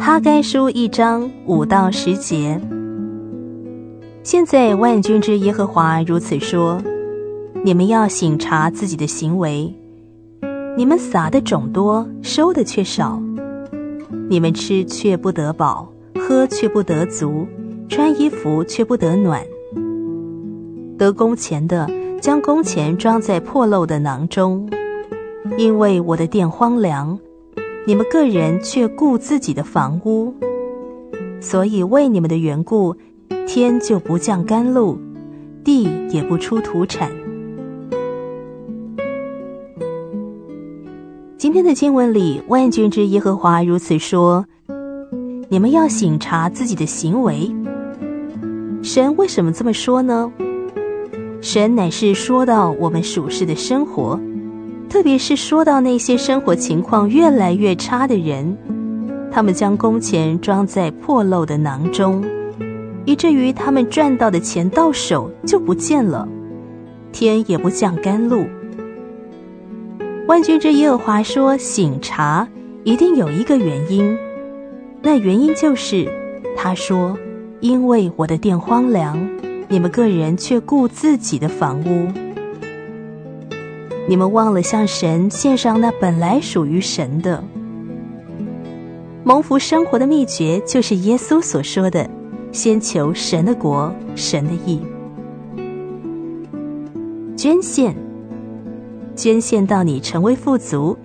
哈該書一章五到十節。現在萬軍之耶和華如此說：你們要省察自己的行為，你們撒的種多，收的卻少；你們吃卻不得飽，喝卻不得足，穿衣服卻不得暖。得工錢的，將工錢裝在破漏的囊中，因為我的殿荒涼。你們個人卻顧自己的房屋，所以為你們的緣故，天就不降甘露，地也不出土產。今天的經文裡，萬軍之耶和華如此說：“你們要省察自己的行為。”神為什麼這麼說呢？神乃是說到我們屬世的生活。特別是說到那些生活情況越來越差的人，他們將工錢裝在破漏的囊中，以至於他們賺到的錢到手就不見了，天也不降甘露。萬軍之耶和華說：“省察一定有一個原因。那原因就是，他說，因為我的殿荒涼，你們各人卻顧自己的房屋。”你們忘了向神獻上那本來屬於神的。蒙福生活的秘訣就是耶穌所說的：“先求神的國，神的義。”捐獻，捐獻到你成為富足，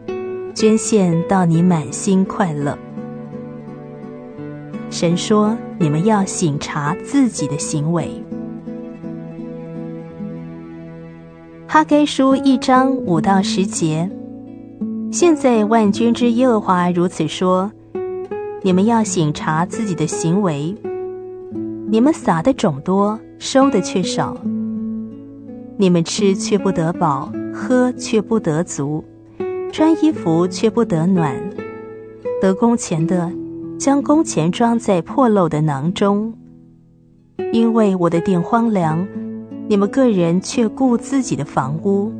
捐獻到你滿心快樂。神說：“你們要省察自己的行為。”哈該書一章五到十節，現在萬軍之耶和華如此說：你們要省察自己的行為，你們撒的種多，收的卻少；你們吃卻不得飽，喝卻不得足，穿衣服卻不得暖。得工錢的，將工錢裝在破漏的囊中，因為我的殿荒涼。你們各人卻顧自己的房屋，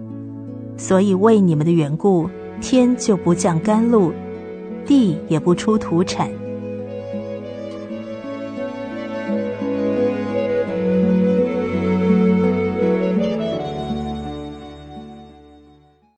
所以為你們的緣故，天就不降甘露，地也不出土產。